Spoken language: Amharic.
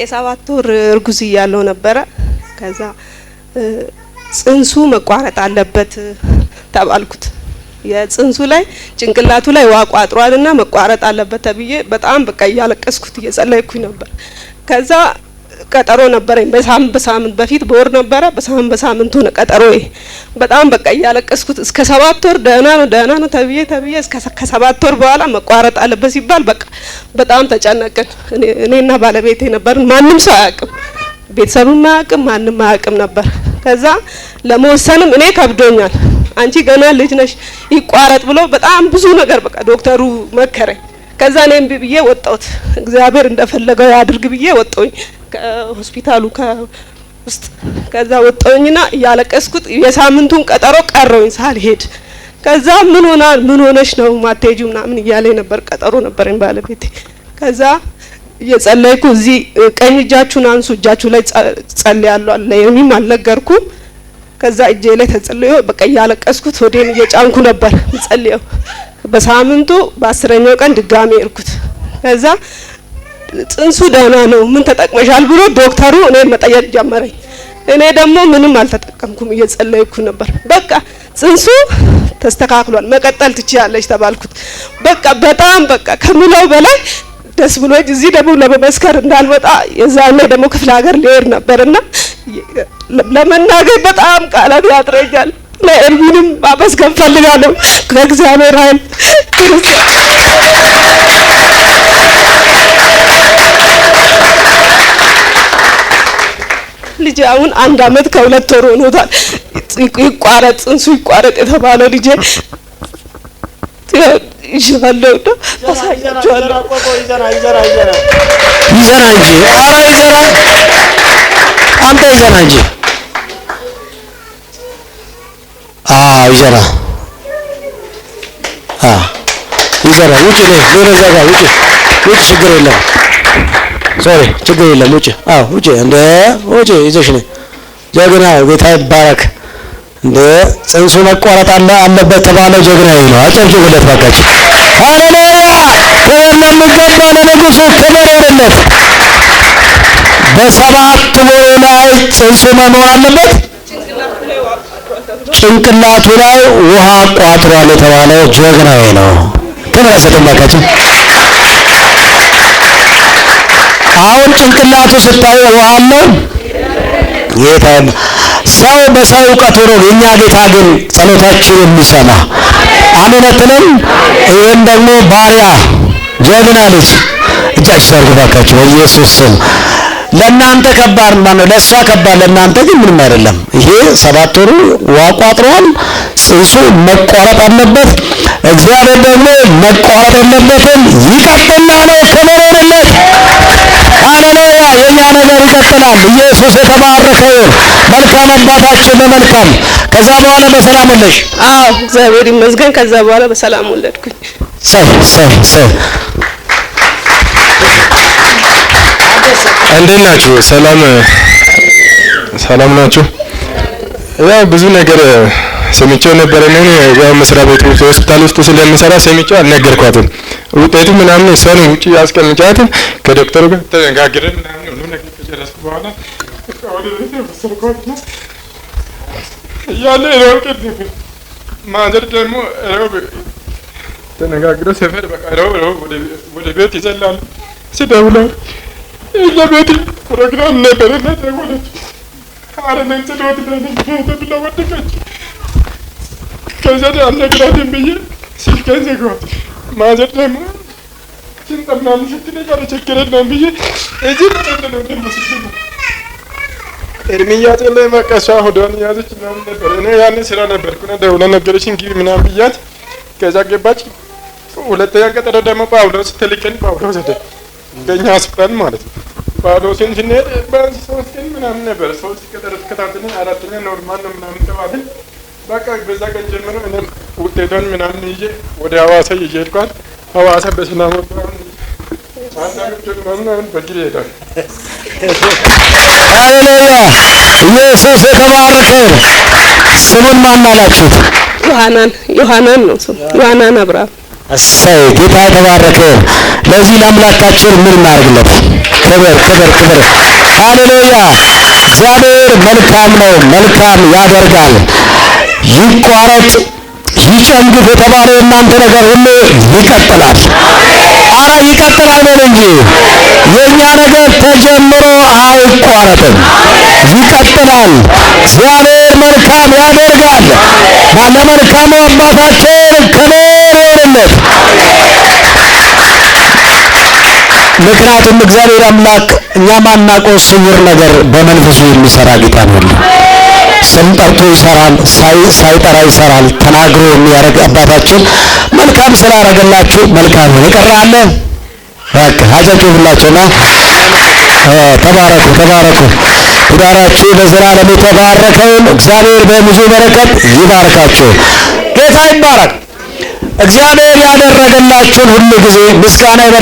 የሰባት ወር እርጉዝ እያለው ነበረ። ከዛ ጽንሱ መቋረጥ አለበት ተባልኩት። የጽንሱ ላይ ጭንቅላቱ ላይ ዋቁ መቋረጥ አለበት ተብዬ በጣም በቃ እያለቀስኩት እየጸለይኩኝ ነበር ከዛ ቀጠሮ ነበረኝ። በሳምንት በሳምንት በፊት በወር ነበረ፣ በሳምንት በሳምንት ሆነ ቀጠሮ በጣም በቃ እያለቀስኩት እስከ ሰባት ወር ደህና ነው ደህና ነው ተብዬ ተብዬ እስከ ከሰባት ወር በኋላ መቋረጥ አለበት ሲባል በቃ በጣም ተጨነቅን። እኔና ባለቤቴ ነበርን። ማንም ሰው አያውቅም፣ ቤተሰብም አያውቅም፣ ማንም አያውቅም ነበር። ከዛ ለመወሰንም እኔ ከብዶኛል። አንቺ ገና ልጅ ነሽ ይቋረጥ ብሎ በጣም ብዙ ነገር በቃ ዶክተሩ መከረኝ። ከዛ እኔ እምቢ ብዬ ወጣሁት። እግዚአብሔር እንደፈለገው ያድርግ ብዬ ወጣሁኝ ከሆስፒታሉ ውስጥ ከዛ ወጣሁኝና እያለቀስኩት የሳምንቱን ቀጠሮ ቀረውኝ ሳልሄድ። ከዛ ምን ሆና ምን ሆነሽ ነው ማቴጁ ምናምን እያለኝ ነበር። ቀጠሮ ነበረኝ ባለቤቴ። ከዛ እየጸለይኩ እዚህ ቀኝ እጃችሁን አንሱ እጃችሁ ላይ ጸልያለሁ አለ የሚም አልነገርኩም። ከዛ እጄ ላይ ተጸልዮ በቃ እያለቀስኩት ወዴን እየጫንኩ ነበር ጸልየው በሳምንቱ በአስረኛው ቀን ድጋሜ እርኩት። ከዛ ጽንሱ ደህና ነው ምን ተጠቅመሻል ብሎ ዶክተሩ እኔ መጠየቅ ጀመረኝ። እኔ ደግሞ ምንም አልተጠቀምኩም እየጸለይኩ ነበር። በቃ ጽንሱ ተስተካክሏል መቀጠል ትችያለች ተባልኩት። በቃ በጣም በቃ ከምለው በላይ ደስ ብሎ እዚህ ደግሞ ለመመስከር እንዳልወጣ የዛ ላይ ደግሞ ክፍለ ሀገር ሊሄድ ነበርና ለመናገር በጣም ቃላት ያጥረኛል። ለኤርሚንም ማመስገን ፈልጋለሁ። ከእግዚአብሔር ኃይል ልጄ አሁን አንድ አመት ከሁለት ወር ሆኖታል። ይቋረጥ ጽንሱ ይቋረጥ የተባለው ልጄ ይሻለው ነው። አሳያችኋለሁ። ይዘራ ይዘራ ይዘራ ይዘራ። ውጭ እዛ ጋር ውጭ ውጭ፣ ችግር የለም ሶሪ፣ ችግር የለም ውጭ። አዎ ውጭ፣ እንደ ውጭ ይዘሽ ነው። ጀግና ጌታ ይባረክ። እንደ ጽንሱ መቋረጥ አለ አለበት ተባለ። ጀግና ይሄ ነው። አጨብጭቡለት ባካችሁ። ሃሌሉያ! ይሄን የሚገባ ለንጉሱ ክብር ይሁንለት። በሰባት ወር ላይ ጽንሱ መኖር አለበት። ጭንቅላቱ ላይ ውሃ ቋጥሯል የተባለ ጀግናዊ ነው። ክብረ ስጥመከችን አሁን ጭንቅላቱ ስታዩ ውሃ አለ። ጌታ ሰው በሰው እውቀት ሆኖ የእኛ ጌታ ግን ጸሎታችን የሚሰማ አሜን አትልም? ይህም ደግሞ ባሪያ ጀግና ልጅ እጃችሁ ታርግባካችሁ በኢየሱስ ስም ለእናንተ ከባድ ማነው? ለእሷ ከባድ፣ ለእናንተ ግን ምንም አይደለም። ይሄ ሰባት ወሩ ዋቋጥሯል። ጽንሱ መቋረጥ አለበት። እግዚአብሔር ደግሞ መቋረጥ የለበትም ይቀጥል አለ። ክብር ይሁንለት። ሃሌሉያ! የኛ ነገር ይቀጥላል። ኢየሱስ የተባረከ ይሁን። መልካም አባታችን በመልካም ከዛ በኋላ በሰላም ወለድሽ? አዎ፣ እግዚአብሔር ይመስገን። ከዛ በኋላ በሰላም ወለድኩኝ። ሰይ ሰይ ሰይ እንዴት ናችሁ? ሰላም ሰላም ናችሁ? ያው ብዙ ነገር ሰምቼው ነበር። እኔ ያው መስሪያ ቤቱ ሆስፒታል ውስጥ ስለምሰራ ሰምቼው አልነገርኳትም። ውጤቱ ምናምን እሷን ውጪ አስቀምጫት ከዶክተሩ ጋር ተነጋግረን ምናምን ሁሉ ነገር ከጨረስኩ በኋላ ያለ ሮብ ማዘር ደግሞ ሮብ ተነጋግረው ሰፈር በቃ ሮብ ሮብ ወደ ቤት ይዘላሉ ስደውለው ለቤት ፕሮግራም ነበር እና ደወለች። አረመን ስለወት ብላ ወደቀች። ከዚያ አልነግራትም ብዬ ስልኬን ዘጋኋት። ማዘር ደግሞ ስንጠምናም ስትል ጋር ቸገረናም ብዬ እዚህ ነው ደግሞ ስል እድሜያ ጤለ መቀሷ ሆዷን ያዘች ምናምን ነበር። እኔ ያንን ስራ ነበርኩ እና ደውላ ነገረችን ግቢ ምናምን ብያት ከዛ ገባች። ሁለተኛ ቀጠሮ ደግሞ ጳውሎስ ትልቅን ጳውሎስ ሄደ እንደኛ ስፍራን ማለት ነው። ባዶሴን ስንሄድ ቢያንስ ሶስቴን ምናምን ነበር። ሶስት ቀጠር ተከታተልን። አራተኛ ኖርማል ነው ምናምን ተባልን። በቃ በዛ ቀን ጀምሮ እኔም ውጤቷን ምናምን ይዤ ወደ ሀዋሳ ይዤ ሄድኳል። ሀዋሳ በሰላም ወጣሁን። ሃሌሉያ! ኢየሱስ የተባረከ ስሙን ማን ዮሐናን ዮሐናን ነው ስሙ ዮሐናን አብርሃም እሰይ ጌታ የተባረከ። ለዚህ ለአምላካችን ምን እናድርግለት? ክብር ክብር ክብር። ሃሌሉያ! እግዚአብሔር መልካም ነው፣ መልካም ያደርጋል። ይቋረጥ ይጨንግፍ የተባለው እናንተ ነገር ሁሉ ይቀጥላል። አረ ይቀጥላል በሉ እንጂ የእኛ ነገር ተጀምሮ አይቋረጥም፣ ይቀጥላል። እግዚአብሔር መልካም ያደርጋል። ባለመልካሙ አባታችን ምክንያቱም እግዚአብሔር አምላክ እኛ ማናውቀው ስውር ነገር በመንፈሱ የሚሰራ ጌታ ነው። ስም ጠርቶ ይሰራል፣ ሳይጠራ ይሰራል። ተናግሮ የሚያደርግ አባታችን መልካም ስራ አደረገላችሁ። መልካም ነው። ይቀራለ በቃ ሀዘቱ ሁላችሁና ተባረኩ፣ ተባረኩ። ትዳራችሁ በዘላለም የተባረከውን እግዚአብሔር በብዙ በረከት ይባርካችሁ። ጌታ ይባረክ። እግዚአብሔር ያደረገላችሁን ሁሉ ጊዜ ምስጋና